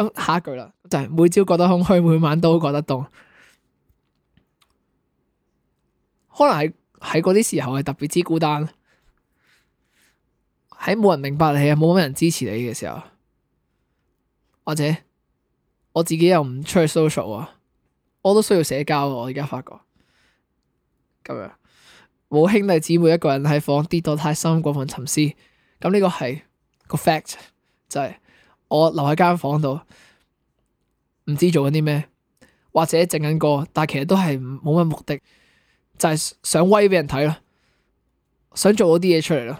咁下一句啦，就係、是、每朝覺得空虛，每晚都覺得凍，可能係喺嗰啲時候係特別之孤單，喺冇人明白你啊，冇乜人支持你嘅時候，或者我自己又唔出去 social 啊，我都需要社交啊，我而家發覺，咁樣冇兄弟姊妹一個人喺房跌到太深，過分沉思，咁呢個係個 fact 就係、是。我留喺間房度，唔知做緊啲咩，或者整緊歌，但係其實都係冇乜目的，就係、是、想威俾人睇咯，想做到啲嘢出嚟咯。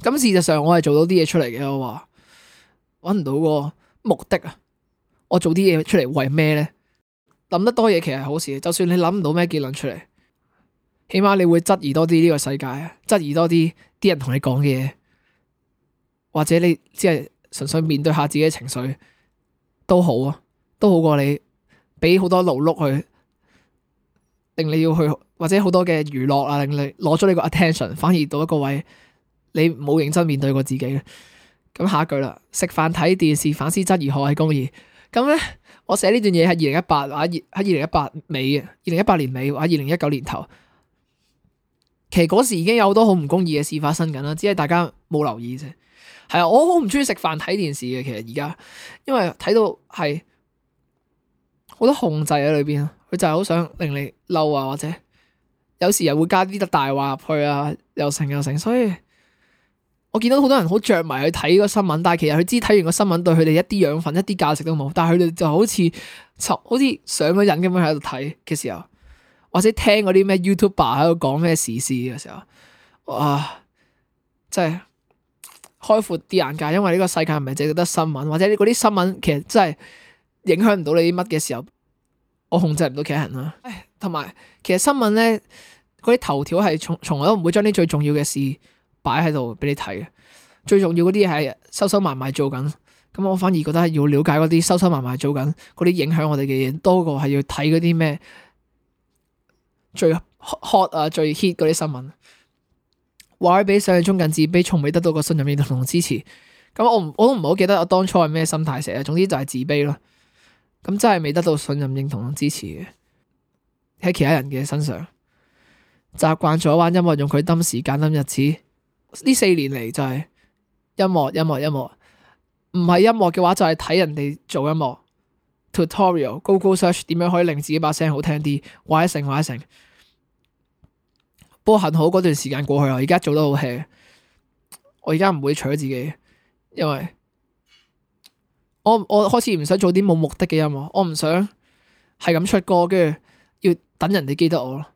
咁事實上我係做到啲嘢出嚟嘅，我話搵唔到個目的啊！我做啲嘢出嚟為咩呢？諗得多嘢其實係好事，就算你諗唔到咩結論出嚟，起碼你會質疑多啲呢個世界啊，質疑多啲啲人同你講嘅嘢，或者你只係。純粹面對下自己情緒都好啊，都好過你俾好多勞碌去，令你要去或者好多嘅娛樂啊，令你攞咗呢個 attention，反而到一個位你冇認真面對過自己。咁、嗯、下一句啦，食飯睇電視反思質疑，何係公義。咁、嗯、呢，我寫呢段嘢喺二零一八，喺二零一八尾嘅，二零一八年尾或者二零一九年頭。其實嗰時已經有好多好唔公義嘅事發生緊啦，只係大家冇留意啫。係啊，我好唔中意食飯睇電視嘅，其實而家，因為睇到係好多控制喺裏邊啊，佢就係好想令你嬲啊，或者有時又會加啲特大話入去啊，又成又成，所以我見到好多人好着迷去睇個新聞，但係其實佢知睇完個新聞對佢哋一啲養分、一啲價值都冇，但係佢哋就好似就好似上咗癮，咁樣喺度睇嘅時候，或者聽嗰啲咩 YouTuber 喺度講咩時事嘅時候，哇，真係～開闊啲眼界，因為呢個世界唔係淨係得新聞，或者你嗰啲新聞其實真係影響唔到你啲乜嘅時候，我控制唔到其他人啦。同埋，其實新聞咧嗰啲頭條係從從來都唔會將啲最重要嘅事擺喺度俾你睇嘅，最重要嗰啲嘢係收收埋埋做緊。咁我反而覺得係要了解嗰啲收收埋埋做緊嗰啲影響我哋嘅嘢，多過係要睇嗰啲咩最 hot 啊、最 hit 嗰啲新聞。話佢比想象中更自卑，從未得到過信任認同同支持。咁我我都唔好記得我當初係咩心態寫啊。總之就係自卑咯。咁真係未得到信任認同同支持嘅，喺其他人嘅身上，習慣咗玩音樂，用佢掹時間掹日子。呢四年嚟，就係音樂，音樂，音樂。唔係音樂嘅話就係、是、睇人哋做音樂，tutorial，Google search 點樣可以令自己把聲好聽啲，哇一聲，哇一聲。不過幸好嗰段時間過去啦，而家做得好 hea，我而家唔會催自己，因為我我開始唔想做啲冇目的嘅音樂，我唔想係咁出歌，跟住要等人哋記得我咯。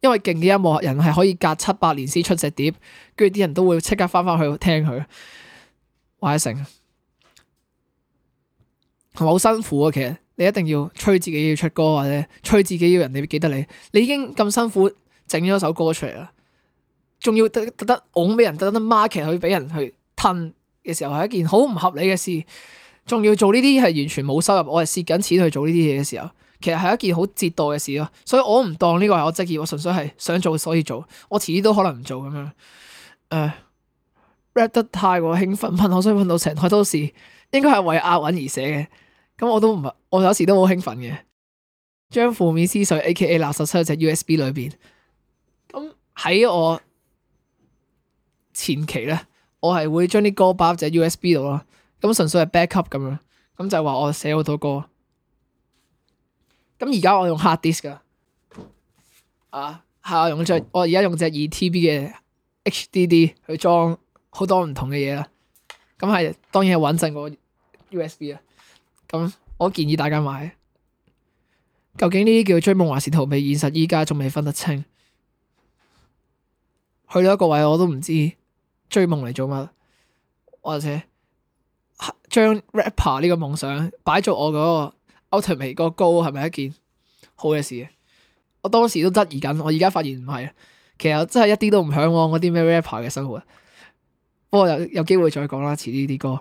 因為勁嘅音樂，人係可以隔七八年先出隻碟，跟住啲人都會即刻翻返去聽佢，或一成，係咪好辛苦啊？其實你一定要催自己要出歌，或者催自己要人哋記得你，你已經咁辛苦。整咗首歌出嚟啦，仲要得得得拱俾人，得得 market 去俾人去吞嘅時候係一件好唔合理嘅事，仲要做呢啲係完全冇收入，我係蝕緊錢去做呢啲嘢嘅時候，其實係一件好折墮嘅事咯。所以我唔當呢個係我職業，我純粹係想做所以做，我遲啲都可能唔做咁樣。誒 read 得太過興奮，噴口水噴到成台都係，應該係為押韻而寫嘅，咁我都唔係，我有時都好興奮嘅，將負面思緒 A. K. A. 垃圾塞喺隻 U. S. B. 裏邊。咁喺、嗯、我前期咧，我係會將啲歌擺入隻 U S B 度咯。咁、嗯、純粹係 backup 咁樣，咁、嗯、就話、是、我寫好多歌。咁而家我用 hard disk 噶，啊係我用隻我而家用隻二 T B 嘅 H D D 去裝好多唔同嘅嘢啦。咁、嗯、係當然係穩陣過 U S B 啦。咁、嗯、我建議大家買。究竟呢啲叫追夢還是逃避現實？依家仲未分得清。去到一個位我都唔知追夢嚟做乜，或者將 rapper 呢個夢想擺咗我嗰個 ultimate 個 goal 係咪一件好嘅事？我當時都質疑緊，我而家發現唔係，其實我真係一啲都唔向往嗰啲咩 rapper 嘅生活。不過有有機會再講啦，遲啲啲歌。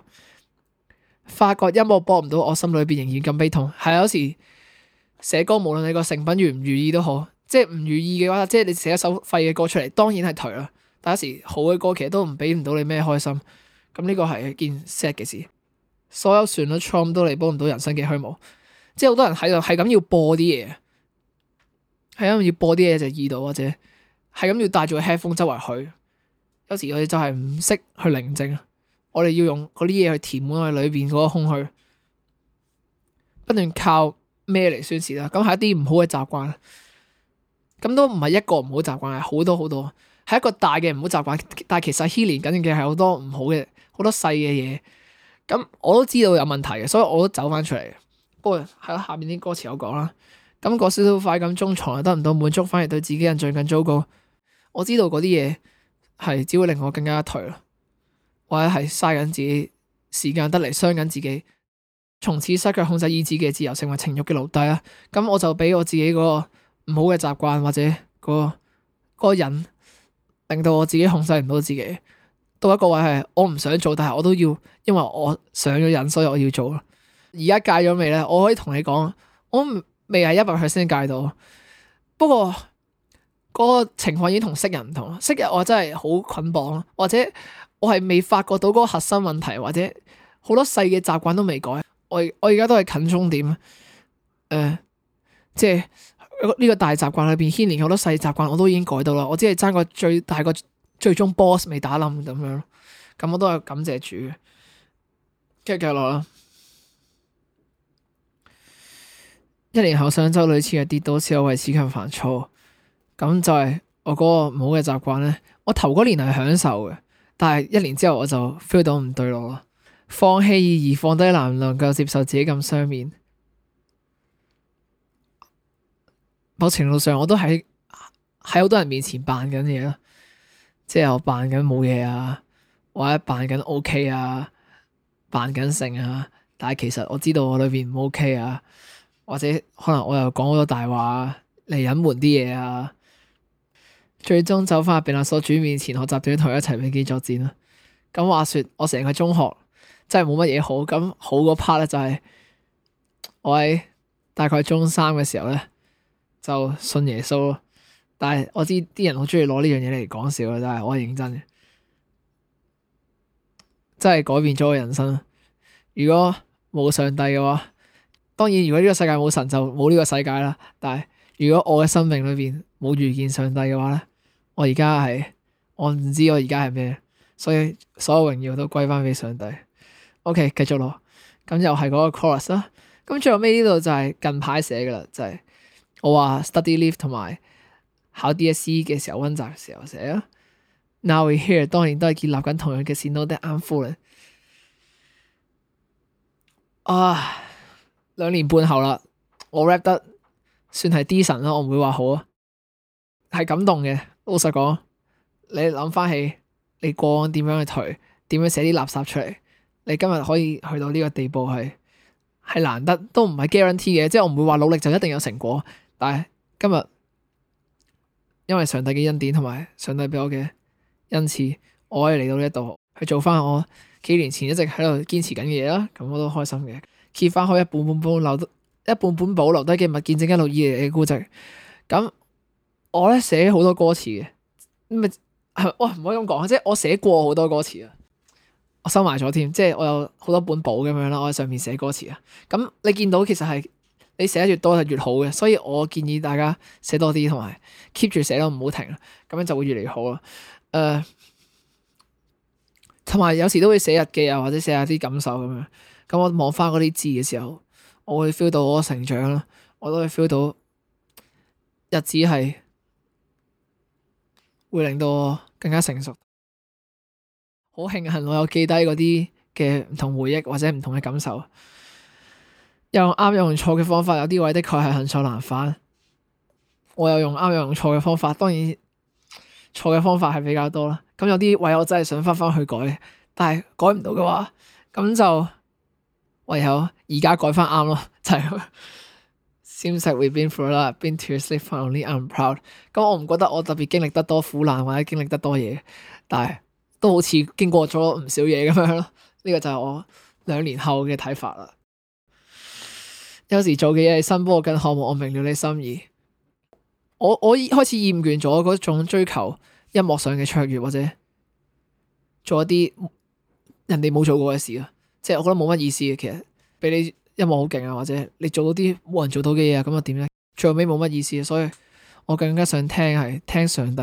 發覺音樂播唔到，我心裏邊仍然咁悲痛。係有時寫歌，無論你個成品如唔如意都好，即係唔如意嘅話，即係你寫一首廢嘅歌出嚟，當然係頹啦。但有時好嘅歌其實都唔俾，唔到你咩開心，咁呢個係件 sad 嘅事。所有旋律、trump 都嚟幫唔到人生嘅虛無。即係好多人喺度係咁要播啲嘢，係咁要播啲嘢就易到。或者係咁要戴住個 headphone 周圍去。有時我哋就係唔識去寧靜啊，我哋要用嗰啲嘢去填滿我哋裏邊嗰個空虛，不斷靠咩嚟宣泄啦？咁係一啲唔好嘅習慣。咁都唔係一個唔好習慣，係好多好多，係一個大嘅唔好習慣。但係其實牽連緊嘅係好多唔好嘅，好多細嘅嘢。咁我都知道有問題嘅，所以我都走翻出嚟。不過喺下面啲歌詞有講啦。咁嗰少少快感中從來得唔到滿足，反而對自己印象更糟糕。我知道嗰啲嘢係只會令我更加頹咯，或者係嘥緊自己時間得嚟傷緊自己，從此失去控制以自己嘅自由，成為情慾嘅奴隸啦。咁我就俾我自己嗰、那個。唔好嘅習慣或者，嗰個，嗰個人令到我自己控制唔到自己。到一個位係我唔想做，但係我都要，因為我上咗癮，所以我要做咯。而家戒咗未呢？我可以同你講，我未係一百 percent 戒到。不過嗰，嗰個情況已經同昔日唔同啦。昔日我真係好捆綁，或者我係未發覺到嗰個核心問題，或者好多細嘅習慣都未改。我我而家都係近終點。呃、即係。呢、這個大習慣裏邊牽連好多細習慣，我都已經改到啦。我只係爭個最大個最終 boss 未打冧咁樣，咁我都係感謝主。跟住繼續落啦。一年後上周類似嘅跌多，使我為此強煩躁。咁就係我嗰個唔好嘅習慣咧。我頭嗰年係享受嘅，但係一年之後我就 feel 到唔對路咯。放棄而放低難，能夠接受自己咁雙面。某程度上，我都喺好多人面前扮緊嘢咯，即係我扮緊冇嘢啊，或者扮緊 OK 啊，扮緊成啊，但係其實我知道我裏邊唔 OK 啊，或者可能我又講好多大話嚟隱瞞啲嘢啊，最終走翻入病歷所主面前學習，同佢一齊並肩作戰啦。咁話說，我成個中學真係冇乜嘢好，咁好嗰 part 咧就係我喺大概中三嘅時候咧。就信耶穌咯，但係我知啲人好中意攞呢樣嘢嚟講笑啊！真係我係認真嘅，真係改變咗我人生。如果冇上帝嘅話，當然如果呢個世界冇神就冇呢個世界啦。但係如果我嘅生命裏邊冇遇見上帝嘅話咧，我而家係我唔知我而家係咩，所以所有榮耀都歸翻俾上帝。O、okay, K，繼續攞。咁又係嗰個 Chorus 啦。咁最後尾呢度就係近排寫嘅啦，就係、是。我話 study leave 同埋考 DSE 嘅時候溫習嘅時候寫啊，now we here a 當然都係建立緊同樣嘅線，no doubt I'm full 啊！兩年半後啦，我 rap 得算係 decent 咯，我唔會話好啊，係感動嘅。老實講，你諗翻起你過往點樣去頹，點樣寫啲垃圾出嚟，你今日可以去到呢個地步，去，係難得，都唔係 guarantee 嘅，即係我唔會話努力就一定有成果。但係今日，因為上帝嘅恩典同埋上帝俾我嘅恩賜，我可以嚟到呢一度去做翻我幾年前一直喺度堅持緊嘅嘢啦，咁我都開心嘅。揭翻開一半本保留，一半本保留低嘅物件，正一路以嚟嘅估值。咁我咧寫好多歌詞嘅，唔係我唔可以咁講，即係我寫過好多歌詞啊，我收埋咗添，即係我有好多本簿咁樣啦，我喺上面寫歌詞啊。咁你見到其實係。你寫得越多就越好嘅，所以我建議大家寫多啲，同埋 keep 住寫咯，唔好停，咁樣就會越嚟越好咯。誒、呃，同埋有，有時都會寫日記啊，或者寫下啲感受咁樣。咁我望翻嗰啲字嘅時候，我會 feel 到我成長咯，我都會 feel 到日子係會令到我更加成熟。好慶幸我有記低嗰啲嘅唔同回憶或者唔同嘅感受。又用啱用錯嘅方法，有啲位的確係恨錯難返。我又用啱又用錯嘅方法，當然錯嘅方法係比較多啦。咁有啲位我真係想翻返去改，但係改唔到嘅話，咁就唯有而家改翻啱咯。就係、是。先食 we've been through 啦，Been through s l y finally, I'm proud。咁我唔覺得我特別經歷得多苦難或者經歷得多嘢，但係都好似經過咗唔少嘢咁樣咯。呢、這個就係我兩年後嘅睇法啦。有時做嘅嘢，係新波跟項目，我明了你心意。我我開始厭倦咗嗰種追求音樂上嘅卓越或者做一啲人哋冇做過嘅事啦，即係我覺得冇乜意思嘅。其實俾你音樂好勁啊，或者你做到啲冇人做到嘅嘢啊，咁又點呢？最尾冇乜意思，所以我更加想聽係聽上帝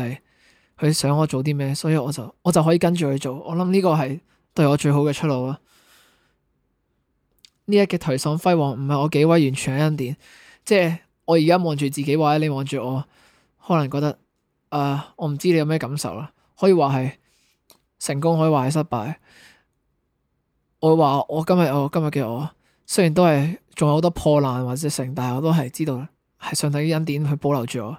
佢想我做啲咩，所以我就我就可以跟住佢做。我諗呢個係對我最好嘅出路啦。呢一嘅頹喪輝煌唔係我幾威，完全係恩典。即係我而家望住自己，或者你望住我，可能覺得，誒、呃，我唔知你有咩感受啦。可以話係成功，可以話係失敗。我話我，我今日我今日嘅我，雖然都係仲有好多破爛或者剩，但係我都係知道係上帝嘅恩典去保留住我。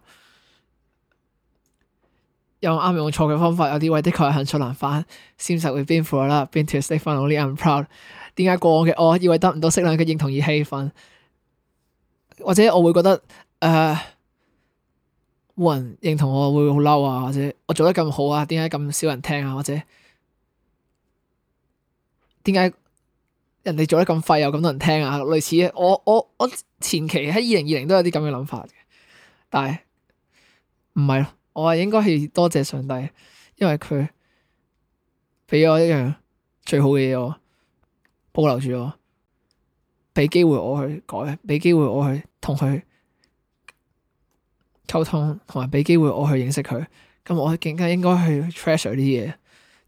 又啱用錯嘅方法，有啲位的確係很出難翻，先才會變苦啦，變 to stay 翻，only I'm proud。點解過往嘅我、哦、以為得唔到適量嘅認同而氣憤，或者我會覺得誒，冇、呃、人認同我會好嬲啊，或者我做得咁好啊，點解咁少人聽啊？或者點解人哋做得咁廢又咁多人聽啊？類似我我我前期喺二零二零都有啲咁嘅諗法嘅，但係唔係咯。我話應該係多謝上帝，因為佢畀咗一樣最好嘅嘢我，我，保留住我，畀機會我去改，畀機會我去同佢溝通，同埋畀機會我去認識佢。咁我更加應該去 treasure 呢啲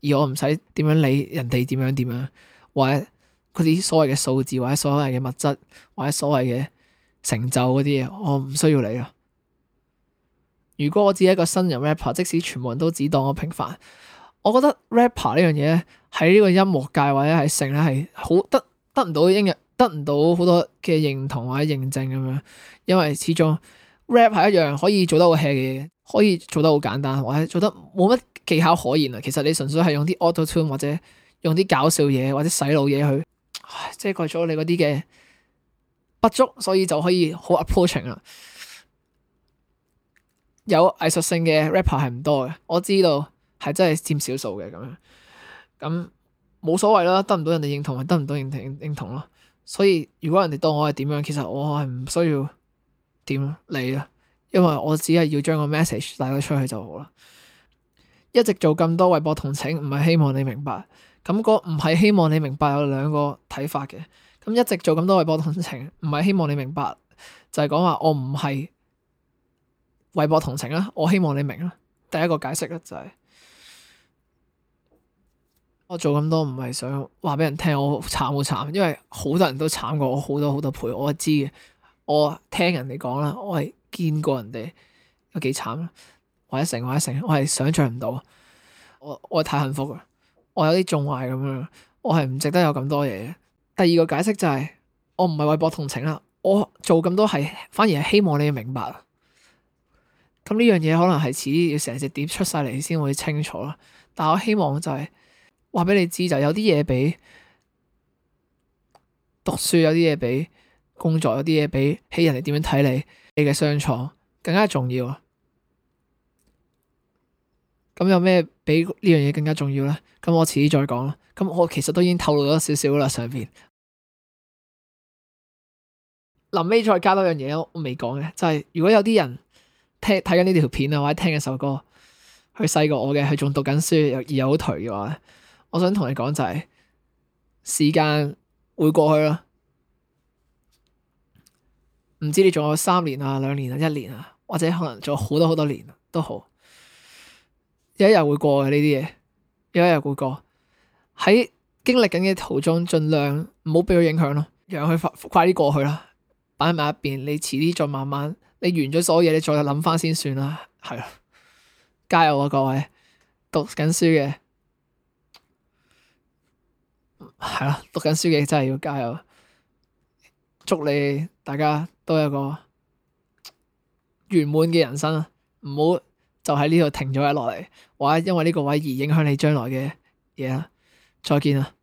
嘢，而我唔使點樣理人哋點樣點樣，或者嗰啲所謂嘅數字，或者所謂嘅物質，或者所謂嘅成就嗰啲嘢，我唔需要理啊。如果我只係一個新人 rapper，即使全部人都只當我平凡，我覺得 rapper 呢樣嘢咧喺呢個音樂界或者係成咧係好得得唔到應得唔到好多嘅認同或者認證咁樣，因為始終 rap 係一樣可以做得好 hea 嘅嘢，可以做得好簡單，或者做得冇乜技巧可言啊。其實你純粹係用啲 auto tune 或者用啲搞笑嘢或者洗腦嘢去遮蓋咗你嗰啲嘅不足，所以就可以好 approaching 啦。有藝術性嘅 rapper 係唔多嘅，我知道係真係佔少數嘅咁樣，咁冇所謂啦。得唔到人哋認同係得唔到認同認同咯。所以如果人哋當我係點樣，其實我係唔需要點理啊，因為我只係要將個 message 帶咗出去就好啦。一直做咁多為博同情，唔係希望你明白，咁個唔係希望你明白有兩個睇法嘅。咁一直做咁多為博同情，唔係希望你明白，就係講話我唔係。為博同情啦，我希望你明啦。第一個解釋咧，就係我做咁多唔係想話畀人聽，我好慘好慘，因為好多人都慘過我好多好多倍，我知嘅。我聽人哋講啦，我係見過人哋有幾慘啦，或者成或者成，我係想象唔到。我我太幸福啦，我有啲縱壞咁樣，我係唔值得有咁多嘢嘅。第二個解釋就係我唔係為博同情啦，我做咁多係反而係希望你明白。咁呢樣嘢可能係遲啲，要成隻碟出晒嚟先會清楚啦。但我希望就係話俾你知，就有啲嘢俾讀書有，有啲嘢俾工作有，有啲嘢俾起人哋點樣睇你，你嘅相處更加重要。啊。咁有咩比呢樣嘢更加重要呢？咁我遲啲再講啦。咁我其實都已經透露咗少少啦，上邊臨尾再加多樣嘢，我未講嘅就係、是、如果有啲人。睇緊呢條片啊，或者聽緊首歌，佢細過我嘅，佢仲讀緊書，而又好頹嘅話，我想同你講就係、是、時間會過去咯。唔知你仲有三年啊、兩年啊、一年啊，或者可能仲有好多好多年都好，有一日會過嘅呢啲嘢，有一日會過。喺經歷緊嘅途中，盡量唔好俾佢影響咯，讓佢快啲過去啦，擺喺埋一邊，你遲啲再慢慢。你完咗所有嘢，你再諗翻先算啦。係啊，加油啊，各位讀緊書嘅係咯，讀緊書嘅真係要加油。祝你大家都有個圓滿嘅人生，唔好就喺呢度停咗一落嚟，或者因為呢個位而影響你將來嘅嘢啊。再見啦。